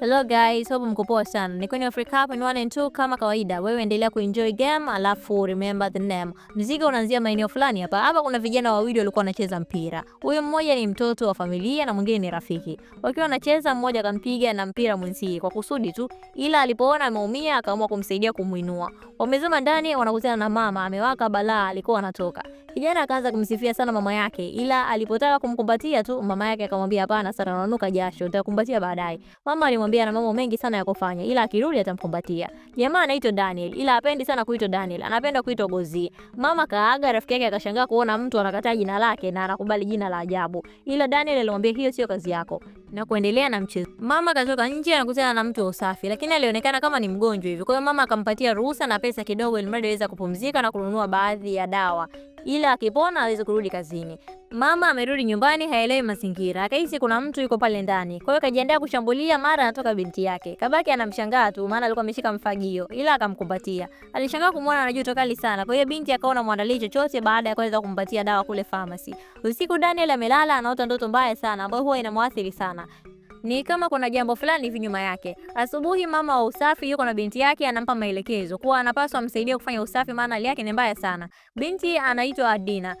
Hello guys, hope mko poa sana. Niko ni Africa Cup in 1 and 2 kama kawaida. Wewe endelea kuenjoy game alafu remember the name. Mzigo unaanzia maeneo fulani hapa. Hapa kuna vijana wawili walikuwa wanacheza mpira. Huyo mmoja ni mtoto wa familia na mwingine ni rafiki. Wakiwa wanacheza mmoja akampiga na mpira mwenzie kwa kusudi tu, ila alipoona ameumia akaamua kumsaidia kumuinua. Wamezama ndani wanakutana na mama amewaka balaa alikuwa anatoka. Kijana akaanza kumsifia sana mama yake, ila alipotaka kumkumbatia tu mama yake akamwambia hapana, sasa nanuka jasho, nitakumbatia baadaye. Mama alim kumwambia ana mambo mengi sana ya kufanya, ila akirudi atamkumbatia. Jamaa anaitwa Daniel, ila apendi sana kuitwa Daniel, anapenda kuitwa Gozi. Mama kaaga, rafiki yake akashangaa kuona mtu anakataa jina lake na anakubali jina la ajabu, ila Daniel alimwambia hiyo sio kazi yako na kuendelea na mchezo. Mama katoka nje anakutana na mtu wa usafi, lakini alionekana kama ni mgonjwa hivi. Kwa hiyo mama akampatia ruhusa na pesa kidogo, ili mradi aweza kupumzika na kununua baadhi ya dawa ila akipona aweze kurudi kazini. Mama amerudi nyumbani, haelewi mazingira, akahisi kuna mtu yuko pale ndani, kwa hiyo kajiandaa kushambulia. Mara anatoka binti yake, kabaki anamshangaa tu, maana alikuwa ameshika mfagio, ila akamkumbatia. Alishangaa kumwona ana joto kali sana, kwa hiyo binti akaona mwandalie chochote baada ya kuweza kumpatia dawa kule pharmacy. Usiku Daniel amelala, anaota ndoto mbaya sana ambayo huwa inamwathiri sana ni kama kuna jambo fulani hivi nyuma yake. Asubuhi mama wa usafi yuko na binti yake, anampa maelekezo kuwa anapaswa amsaidie kufanya usafi, maana hali yake ni mbaya sana. Binti anaitwa Adina.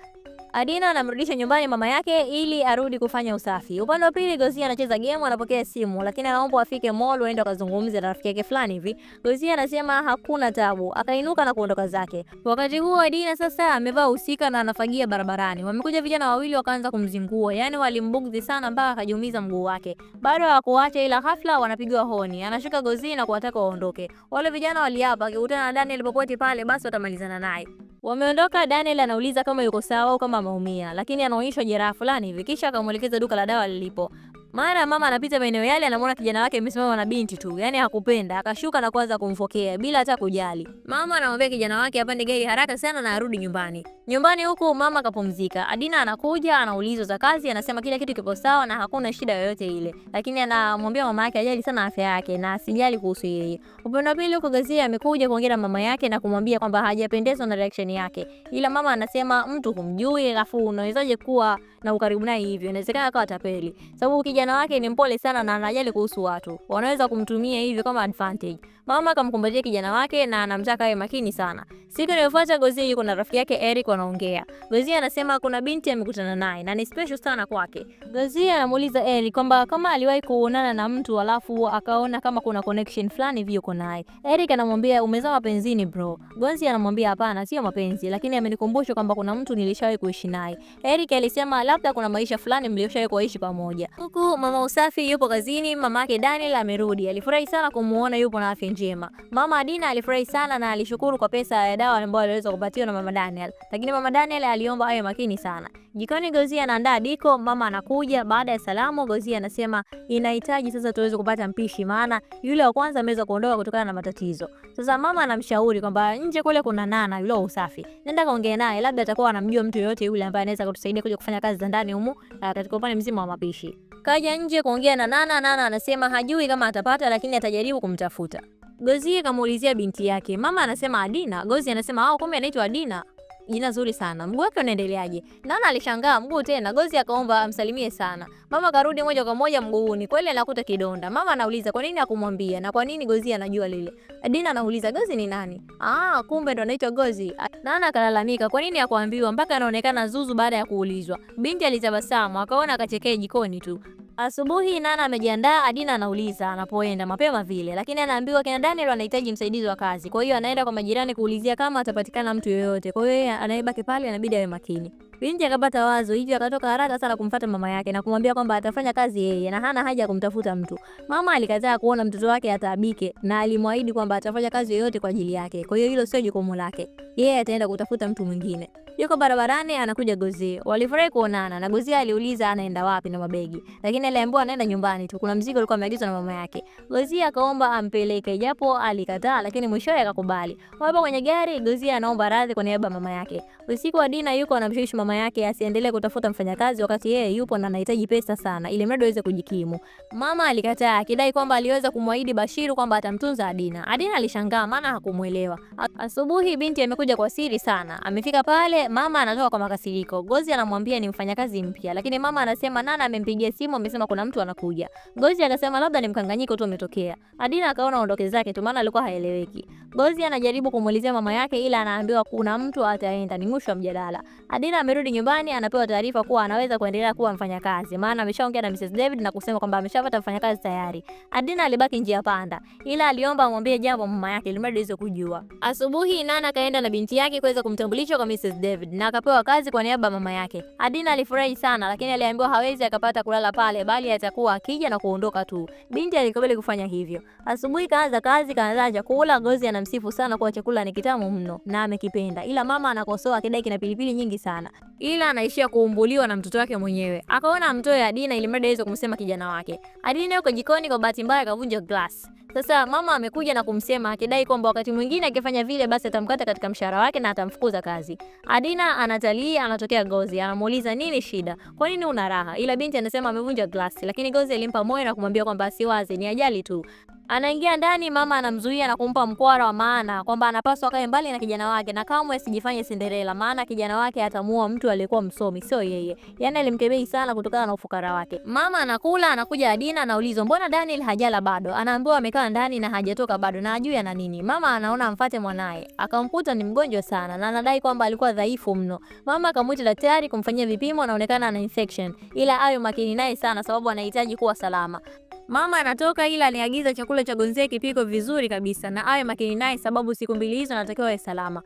Adina anamrudisha nyumbani mama yake ili arudi kufanya usafi. Upande wa pili, Gozi anacheza game, anapokea simu lakini anaomba afike mall waende wakazungumze na rafiki yake fulani hivi. Gozi anasema hakuna tabu, akainuka na kuondoka zake. Wakati huo Adina sasa amevaa usika na anafagia barabarani. Wamekuja vijana wawili wakaanza kumzingua, yani walimbugdhi sana mpaka akajiumiza mguu wake. Bado hawakuacha ila ghafla wanapigwa honi. Anashika Gozi na kuwataka waondoke. Wale vijana waliapa akikutana na Daniel popote pale basi watamalizana naye. Wameondoka, Daniel anauliza kama yuko sawa au kama maumia lakini anaonyeshwa jeraha fulani hivi, kisha akamwelekeza duka la dawa lilipo. Mara mama anapita maeneo yale, anamwona kijana wake amesimama na binti tu, Yaani hakupenda, akashuka na kuanza kumfokea bila hata kujali. Mama anamwambia kijana wake apande gari haraka sana na arudi nyumbani. Nyumbani huko mama kapumzika. Adina anakuja, anaulizwa za kazi, anasema kila kitu kipo sawa na hakuna shida yoyote ile, lakini anamwambia mama yake ajali sana afya yake na asijali kuhusu yeye. Upande wa pili huko Gazia amekuja kuongea na mama yake na kumwambia kwamba hajapendezwa na reaction yake, ila mama anasema mtu humjui, alafu unawezaje kuwa na ukaribu naye hivyo? Inawezekana akawa tapeli sababu kijana kijana wake ni mpole sana na anajali kuhusu watu, wanaweza kumtumia hivi kama advantage. Mama akamkumbatia kijana wake na anamtaka awe makini sana. Siku inayofuata Gozie yuko na rafiki yake Eric wanaongea. Gozie anasema kuna binti amekutana naye na ni special sana kwake. Gozie anamuuliza Eric kwamba kama aliwahi kuonana na mtu alafu akaona kama kuna connection fulani hivi yuko naye. Eric anamwambia umezaa mapenzini bro. Gozie anamwambia hapana, sio mapenzi, lakini amenikumbusha kwamba kuna mtu nilishawahi kuishi naye. Eric alisema labda kuna maisha fulani mlioshawahi kuishi pamoja. Huku mama Usafi yupo kazini, mamake Daniel amerudi. Alifurahi sana kumuona yupo na afya njema. Mama Adina alifurahi sana na alishukuru kwa pesa ya dawa ambayo aliweza kupatiwa na mama Daniel. Lakini mama Daniel aliomba awe makini sana. Jikoni Gozi anaandaa diko, mama anakuja. Baada ya salamu, Gozi anasema inahitaji sasa tuweze kupata mpishi, maana yule wa kwanza ameweza kuondoka kutokana na matatizo. Sasa mama anamshauri kwamba nje kule kuna nana yule Usafi. Nenda kaongea naye, labda atakuwa anamjua mtu yoyote yule ambaye anaweza kutusaidia kuja kufanya kazi za ndani humu eh, katika upande mzima wa mapishi. Kaja nje kuongea na Nana. Nana anasema hajui kama atapata, lakini atajaribu kumtafuta. Gozie kamuulizia binti yake. Mama anasema Adina, Gozi anasema au kumbe anaitwa Adina. Jina zuri sana. Mguu wake unaendeleaje? Naona alishangaa mguu tena. Gozi akaomba amsalimie sana. Mama karudi moja kwa moja mguuni. Kweli anakuta kidonda. Mama anauliza kwa nini akumwambia na kwa nini Gozi anajua lile. Dina anauliza Gozi ni nani? Ah, kumbe ndo anaitwa Gozi. Nana akalalamika kwa nini hakuambiwa mpaka anaonekana zuzu baada ya kuulizwa. Binti alitabasamu, akaona akachekea jikoni tu. Asubuhi Nana amejiandaa, Adina anauliza anapoenda mapema vile, lakini anaambiwa kina Daniel anahitaji msaidizi wa kazi. Kwa hiyo anaenda kwa majirani kuulizia kama atapatikana mtu yoyote. Kwa hiyo anayebaki pale anabidi awe makini. Binti akapata wazo hivyo akatoka haraka sana kumfuata mama yake na kumwambia kwamba atafanya kazi yeye na hana haja ya kumtafuta mtu. Mama alikataa kuona mtoto wake ataabike na alimwahidi kwamba atafanya kazi yoyote kwa ajili yake. Kwa hiyo hilo sio jukumu lake. Yeye ataenda kutafuta mtu mwingine. Yuko barabarani anakuja Gozi. Walifurahi kuonana na Gozi aliuliza anaenda wapi na mabegi. Lakini aliambiwa anaenda nyumbani tu. Kuna mzigo alikuwa ameagizwa na mama yake. Gozi akaomba ampeleke japo alikataa lakini mwishowe akakubali. Wapo kwenye gari Gozi anaomba radhi kwa niaba ya mama yake. Usiku wa Dina yuko anamshawishi mama yake asiendelee kutafuta mfanyakazi wakati yeye yupo na anahitaji pesa sana ili mradi aweze kujikimu. Mama alikataa akidai kwamba aliweza kumwahidi Bashiru kwamba atamtunza Adina. Adina alishangaa maana hakumuelewa. Asubuhi binti amekuja kwa siri sana. Amefika pale mama anatoka kwa makasiriko. Gozi anamwambia ni mfanyakazi mpya, lakini mama anasema Nana amempigia simu, amesema kuna mtu anakuja. Gozi akasema labda ni mkanganyiko tu umetokea. Adina akaona ondoke zake tu, maana alikuwa haeleweki. Gozi anajaribu kumuulizia mama yake, ila anaambiwa kuna mtu ataenda. Ni mwisho wa mjadala. Adina amerudi nyumbani, anapewa taarifa kuwa anaweza kuendelea kuwa mfanyakazi, maana ameshaongea na Mrs David na kusema kwamba ameshapata mfanyakazi tayari. Adina alibaki njia panda, ila aliomba amwambie jambo mama yake ili mradi aweze kujua. Asubuhi Nana kaenda na binti yake kuweza kumtambulisha kwa Mrs David. David na akapewa kazi kwa niaba ya mama yake. Adina alifurahi sana, lakini aliambiwa hawezi akapata kulala pale, bali atakuwa akija na kuondoka tu. Binti alikubali kufanya hivyo. Asubuhi kaanza kazi, kaandaa chakula. Ngozi anamsifu sana kwa chakula ni kitamu mno na amekipenda, ila mama anakosoa kidai kina pilipili nyingi sana, ila anaishia kuumbuliwa na mtoto wake mwenyewe. Akaona mtoe Adina ili mradi aweze kumsema kijana wake. Adina yuko jikoni, kwa bahati mbaya akavunja glass sasa mama amekuja na kumsema akidai kwamba wakati mwingine akifanya vile basi atamkata katika mshahara wake na atamfukuza kazi. Adina anatalia, anatokea gozi anamuuliza nini shida? Kwa nini una raha? Ila binti anasema amevunja glasi, lakini gozi alimpa moyo na kumwambia kwamba siwazi ni ajali tu. Anaingia ndani, mama anamzuia na kumpa mkwara wa maana kwamba anapaswa kae mbali na kijana wake, na kamwe asijifanye Cinderella, maana kijana wake atamua mtu aliyekuwa msomi, sio yeye. Yani alimkebei sana kutokana na ufukara wake. Mama anakula, anakuja Adina anaulizwa, mbona Daniel hajala bado? Anaambiwa amekaa ndani na hajatoka bado na ajui ana nini. Mama anaona amfate mwanaye, akamkuta ni mgonjwa sana na anadai kwamba alikuwa dhaifu mno. Mama akamwita daktari kumfanyia vipimo, anaonekana ana infection, ila ayo makini naye sana sababu anahitaji kuwa salama. Mama anatoka ila aliagiza chakula cha gonzee kipiko vizuri kabisa, na awe makini naye, sababu siku mbili hizo anatakiwa awe salama.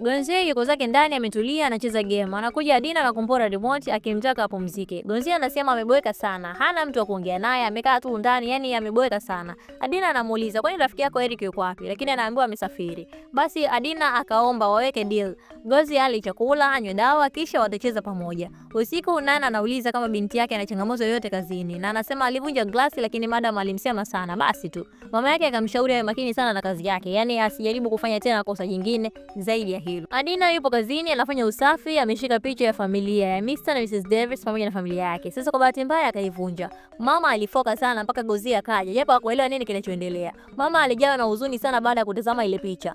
Gonzi yuko zake ndani ametulia anacheza game. Anakuja Adina na kumpora remote akimtaka apumzike. Gonzi anasema ameboeka sana. Hana mtu wa kuongea naye, amekaa tu ndani, yani ameboeka sana. Adina anamuuliza, "Kwani rafiki yako Eric yuko wapi?" Lakini anaambiwa amesafiri. Basi Adina akaomba waweke deal. Gonzi ali chakula, anywe dawa kisha watacheza pamoja. Usiku Nana anauliza kama binti yake ana changamoto yoyote kazini na anasema alivunja glasi lakini madam alimsema sana. Basi tu. Mama yake akamshauri awe makini sana na kazi yake, Yaani asijaribu kufanya tena kosa jingine zaidi ya hilo. Anina yupo kazini anafanya usafi, ameshika picha ya familia ya Mr na Mrs Davis pamoja na familia yake. Sasa kwa bahati mbaya akaivunja. Mama alifoka sana mpaka gozi akaja, japo hakuelewa nini kinachoendelea. Mama alijawa na huzuni sana baada ya kutazama ile picha.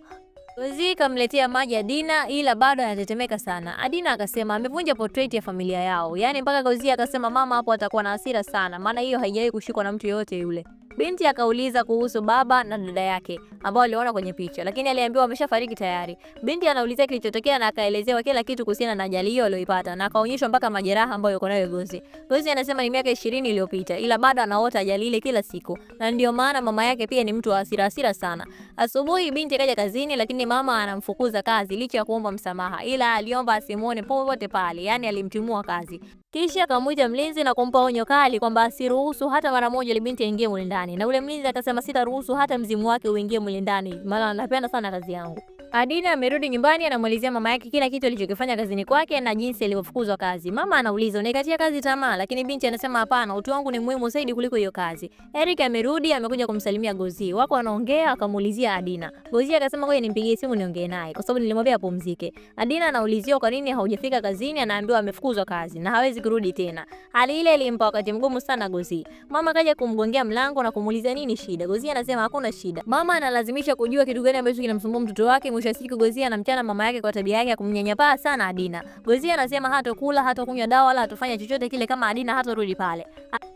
Gozi kamletea maji Adina ila bado anatetemeka sana. Adina akasema amevunja portrait ya familia yao. Yaani mpaka Gozi akasema mama hapo atakuwa na hasira sana maana hiyo haijawahi kushikwa na mtu yoyote yule. Binti akauliza kuhusu baba na dada yake ambao aliona kwenye picha, lakini aliambiwa ameshafariki tayari. Binti anaulizia kilichotokea na akaelezewa kila kitu kuhusiana na ajali hiyo aliyoipata na akaonyeshwa mpaka majeraha ambayo yuko nayo Gozi. Gozi anasema ni miaka 20 iliyopita, ila bado anaota ajali ile kila siku, na ndio maana mama yake pia ni mtu wa hasira hasira sana. Asubuhi binti kaja kazini, lakini mama anamfukuza kazi licha ya kuomba msamaha, ila aliomba asimuone popote pale, yani alimtimua kazi. Kisha akamwita mlinzi na kumpa onyo kali kwamba asiruhusu hata mara moja ile binti aingie mle ndani, na ule mlinzi akasema, sitaruhusu hata mzimu wake uingie mle ndani, maana anapenda sana kazi yangu. Adina amerudi nyumbani anamuelezea mama yake kila kitu alichokifanya kazini kwake na jinsi alivyofukuzwa kazi. Mama anauliza, "Unaikatia kazi tamaa?" Lakini binti anasema, "Hapana, utu wangu ni muhimu zaidi kuliko hiyo kazi." Eric amerudi amekuja kumsalimia Gozi. Wako wanaongea akamuulizia Adina. Gozi akasema, "Ngoja nimpigie simu niongee naye kwa sababu nilimwambia apumzike." Adina anaulizia kwa nini haujafika kazini, anaambiwa amefukuzwa kazi na hawezi kurudi tena. Hali ile ilimpa wakati mgumu sana Gozi. Mama kaja kumgongea mlango na kumuuliza nini shida. Gozi anasema hakuna shida. Mama analazimisha kujua kitu gani ambacho kinamsumbua mtoto wake Mwisho wa siku Gozie anamchana mama yake kwa tabia yake ya kumnyanyapaa sana Adina. Gozia anasema hatokula, hatokunywa dawa wala hatofanya chochote kile kama Adina hatorudi pale.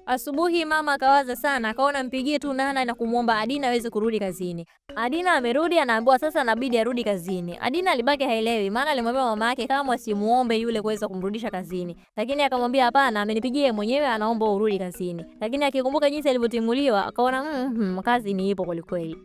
Asubuhi mama akawaza sana, akaona mpigie tu Nana na kumwomba Adina aweze kurudi kazini. Adina amerudi, anaambiwa sasa inabidi arudi kazini. Adina alibaki haelewi, maana alimwambia mama yake kama asimuombe yule kuweza kumrudisha kazini, lakini akamwambia hapana, amenipigie mwenyewe, anaomba urudi kazini. Lakini akikumbuka jinsi alivyotimuliwa akaona mm, mm, kazi ni ipo kwelikweli.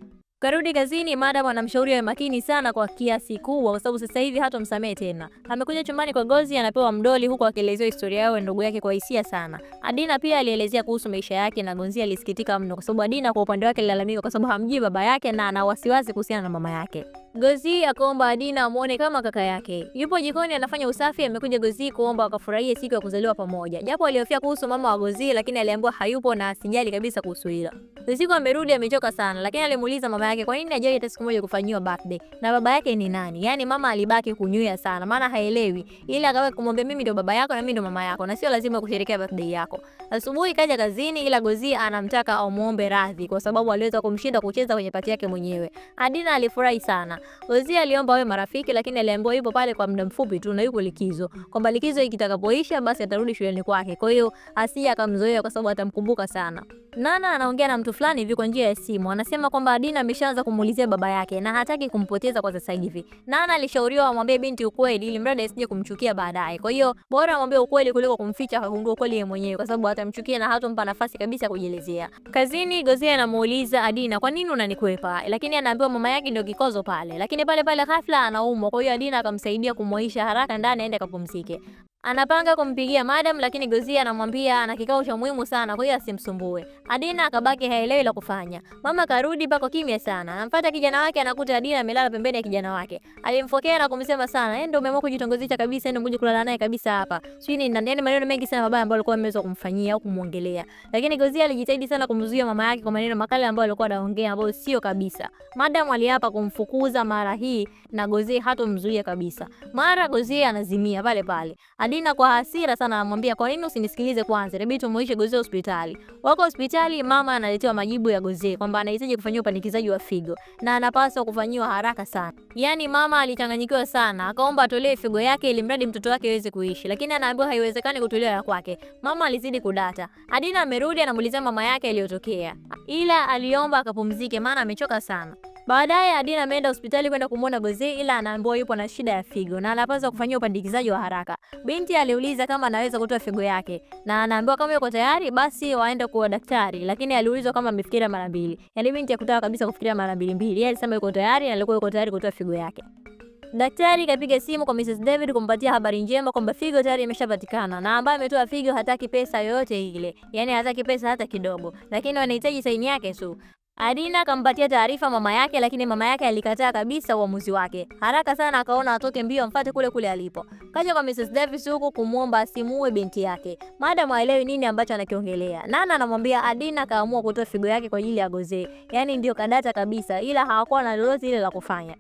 Karudi kazini, madam anamshauri awe makini sana kwa kiasi kubwa, kwa sababu sasa hivi hata hatomsamehe tena. Amekuja chumbani kwa Gozi, anapewa mdoli, huku akielezea historia yao ndugu yake kwa hisia sana. Adina pia alielezea kuhusu maisha yake, na Gozi alisikitika mno, kwa sababu Adina kwa upande wake alilalamika kwa sababu hamjui baba yake na ana wasiwasi kuhusiana na mama yake. Gozi akaomba Adina amuone kama kaka yake. Yupo jikoni anafanya usafi, amekuja Gozi kuomba wakafurahie siku ya kuzaliwa pamoja. Japo alihofia kuhusu mama wa Gozi, lakini aliambiwa hayupo na asijali kabisa kuhusu hilo. Siku amerudi amechoka sana, lakini alimuuliza mama yake kwa nini hajai hata siku moja kufanyiwa birthday na baba yake ni nani. Yaani mama alibaki kunyuya sana, maana haelewi, ili akawa kumwambia mimi ndo baba yako na mimi ndo mama yako na sio lazima kusherekea birthday yako. Asubuhi kaja kazini, ila Gozi anamtaka amuombe radhi kwa sababu aliweza kumshinda kucheza kwenye pati yake mwenyewe. Adina alifurahi sana. Gozi aliomba awe marafiki, lakini aliambiwa yupo pale kwa muda mfupi tu na yuko likizo, kwamba likizo ikitakapoisha basi atarudi shuleni kwake. Kwa hiyo Asia akamzoea kwa sababu atamkumbuka sana. Nana anaongea na mtu kitu fulani hivi kwa njia ya simu. Anasema kwamba Adina ameshaanza kumuulizia baba yake na hataki kumpoteza kwa sasa hivi. Nana alishauriwa amwambie binti ukweli ili mradi asije kumchukia baadaye. Kwa hiyo bora amwambie ukweli kuliko kumficha akagundua ukweli yeye mwenyewe kwa sababu atamchukia na hatompa nafasi kabisa kujielezea. Kazini Gozea anamuuliza Adina, "Kwa nini unanikwepa?" Lakini anaambiwa mama yake ndio kikozo pale. Lakini pale pale ghafla anaumwa. Kwa hiyo Adina akamsaidia kumwaisha haraka ndani aende akapumzike. Anapanga kumpigia madam lakini Gozi anamwambia ana kikao cha muhimu sana kwa hiyo asimsumbue. Adina akabaki haelewi la kufanya. Mama karudi pako kimya sana. Anamfuata kijana wake anakuta Adina amelala pembeni ya kijana wake. Alimfokea na kumsema sana, "Yeye ndio umeamua kujitongozesha kabisa, ndio mje kulala naye kabisa hapa." Sio ni ndani yaani maneno mengi sana mabaya ambayo alikuwa ameweza kumfanyia au kumuongelea. Lakini Gozi alijitahidi sana kumzuia mama yake kwa maneno makali ambayo alikuwa anaongea ambayo sio kabisa. Madam aliapa kumfukuza mara hii na Gozi hatomzuia kabisa. Mara Gozi anazimia pale pale. Adina Dina kwa hasira sana anamwambia kwa nini usinisikilize kwanza? Hebu tumuishe Gozee hospitali. Wako hospitali, mama analetewa majibu ya Gozee kwamba anahitaji kufanyiwa upandikizaji wa figo na anapaswa kufanyiwa haraka sana. Yaani mama alichanganyikiwa sana, akaomba atolee figo yake ili mradi mtoto wake aweze kuishi. Lakini anaambiwa haiwezekani kutolewa ya kwake. Mama alizidi kudata. Adina amerudi anamuuliza mama yake aliyotokea. Ila aliomba akapumzike maana amechoka sana. Baadaye Adina ameenda hospitali kwenda kumwona Boze ila anaambiwa yupo na shida ya figo na anapaswa kufanyiwa upandikizaji wa haraka. Binti aliuliza kama anaweza kutoa figo yake na anaambiwa kama yuko tayari basi waende kwa daktari, lakini aliulizwa kama amefikiria mara mbili. Yaani binti hakutaka kabisa kufikiria mara mbili mbili. Yeye alisema yuko tayari na alikuwa yuko tayari kutoa figo yake. Daktari kapiga simu kwa Mrs David kumpatia habari njema kwamba figo tayari imeshapatikana na ambaye ametoa figo hataki pesa yoyote ile, yaani hataki pesa hata kidogo, lakini wanahitaji saini yake tu adina akampatia taarifa mama yake, lakini mama yake alikataa kabisa uamuzi wake. Haraka sana akaona atoke mbio amfuate kule kule alipo. Kaja kwa Mrs Davis huku kumwomba asimue binti yake, madam haelewi nini ambacho anakiongelea. Nana anamwambia Adina kaamua kutoa figo yake kwa ajili ya Gozee, yaani ndio kadata kabisa, ila hawakuwa na lolote ile la kufanya.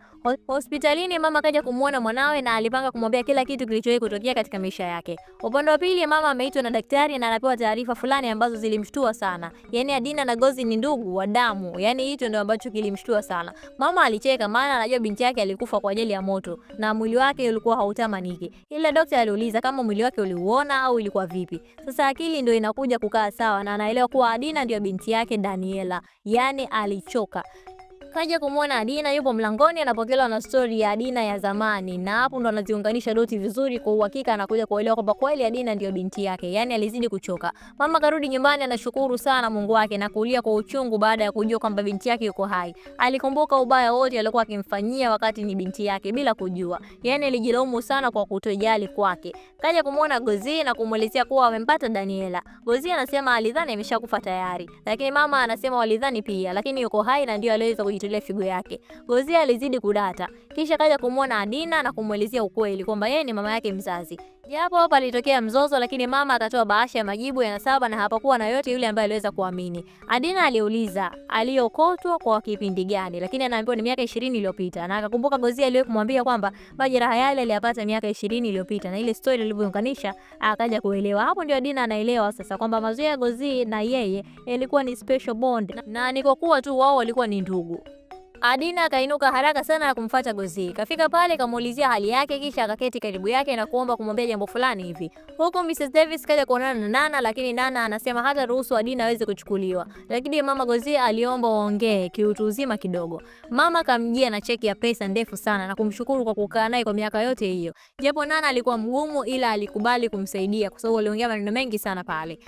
Hospitalini mama akaja kumwona mwanawe na alipanga kumwambia kila kitu kilichowahi kutokea katika maisha yake. Upande wa pili mama ameitwa na daktari na anapewa taarifa fulani ambazo zilimshtua sana. Yaani Adina na Gozi ni ndugu wa damu. Yaani hicho ndio ambacho kilimshtua sana. Mama alicheka maana anajua binti yake alikufa kwa ajili ya moto na mwili wake ulikuwa hautamaniki. Ila daktari aliuliza kama mwili wake uliuona au ilikuwa vipi. Sasa akili ndio inakuja kukaa sawa na anaelewa kuwa Adina ndio binti yake Daniela. Yaani alichoka kaja kumwona Adina yupo mlangoni anapokelewa na stori ya Adina ya zamani, na hapo ndo anaziunganisha doti vizuri. Kwa uhakika anakuja kuelewa kwamba kweli Adina ndio binti yake, yani alizidi kuchoka. Mama karudi nyumbani, anashukuru sana Mungu wake na kulia kwa uchungu baada ya kujua kwamba binti yake yuko hai. Alikumbuka ubaya wote aliokuwa akimfanyia wakati ni binti yake bila kujua, yani alijilaumu sana kwa kutojali kwake. Kaja kumwona Gozi na kumuelezea kuwa amempata Daniela. Gozi anasema alidhani ameshakufa tayari, lakini mama anasema walidhani pia, lakini yuko hai na ndio aliweza kuj kufuatilia figo yake. Gozie alizidi kudata, kisha kaja kumwona Adina na kumwelezea ukweli kwamba yeye ni mama yake mzazi. Japo palitokea mzozo, lakini mama akatoa bahasha ya majibu yanasaba na hapakuwa na yote yule ambaye aliweza kuamini. Adina aliuliza aliokotwa kwa kipindi gani, lakini anaambiwa ni miaka 20 iliyopita, na akakumbuka Gozia aliwahi kumwambia kwamba majeraha yale aliyapata miaka 20 iliyopita, na ile story ilivyounganisha akaja kuelewa. Hapo ndio Adina anaelewa sasa kwamba mazoea ya Gozi na yeye yalikuwa ni special bond, na nikokuwa tu wao walikuwa ni ndugu. Adina akainuka haraka sana na kumfuata Gozi. Kafika pale kamuulizia hali yake kisha akaketi karibu yake na kuomba kumwambia jambo fulani hivi. Huko Mrs Davis kaja kuonana na Nana lakini Nana anasema hata ruhusu Adina aweze kuchukuliwa. Lakini mama Gozi aliomba waongee kiutu uzima kidogo. Mama kamjia na cheki ya pesa ndefu sana na kumshukuru kwa kukaa naye kwa miaka yote hiyo. Japo Nana alikuwa mgumu ila alikubali kumsaidia kwa sababu aliongea maneno mengi sana pale.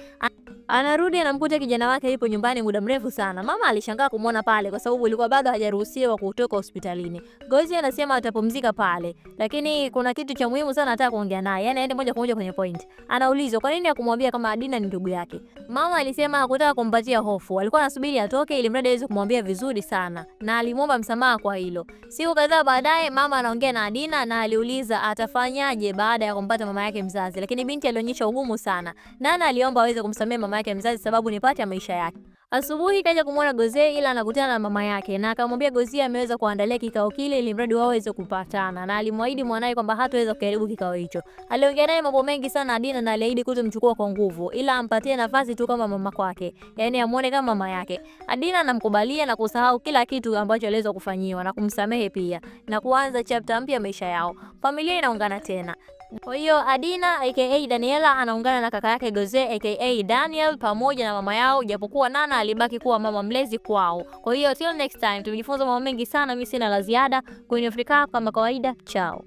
Anarudi anamkuta kijana wake yupo nyumbani muda mrefu sana. Mama alishangaa kumwona pale kwa sababu ilikuwa bado hajaruhusiwa kutoka hospitalini. Gozi anasema atapumzika pale, lakini kuna kitu cha muhimu sana anataka kuongea naye. Yaani aende moja kwa moja kwenye point. Anaulizwa kwa nini hakumwambia kama Adina ni ndugu yake. Mama alisema hakutaka kumpatia hofu. Alikuwa anasubiri atoke ili mradi aweze kumwambia vizuri sana na alimwomba msamaha kwa hilo. Siku kadhaa baadaye mama anaongea na Adina na aliuliza atafanyaje baada ya kumpata mama yake mzazi. Lakini binti alionyesha ugumu sana. Nana aliomba aweze kumsamehe mama mama yake mzazi, sababu nipate ya maisha yake. Asubuhi kaja kumwona Gozie ila anakutana na mama yake na akamwambia Gozie ameweza kuandalia kikao kile ili mradi wao waweze kupatana na alimwahidi mwanae kwamba hataweza kuharibu kikao hicho. Aliongea naye mambo mengi sana Adina na aliahidi kutomchukua kwa nguvu ila ampatie nafasi tu kama mama kwake. Yaani amuone kama mama yake. Adina anamkubalia na kusahau kila kitu ambacho aliweza kufanyiwa na kumsamehe pia na kuanza chapter mpya maisha yao. Familia inaungana tena. Kwa hiyo Adina aka Daniela anaungana na kaka yake Goze aka Daniel pamoja na mama yao, japokuwa Nana alibaki kuwa mama mlezi kwao. Kwa hiyo till next time, tumejifunza mambo mengi sana. Mimi sina la ziada kwenye Afrika kama kawaida, chao.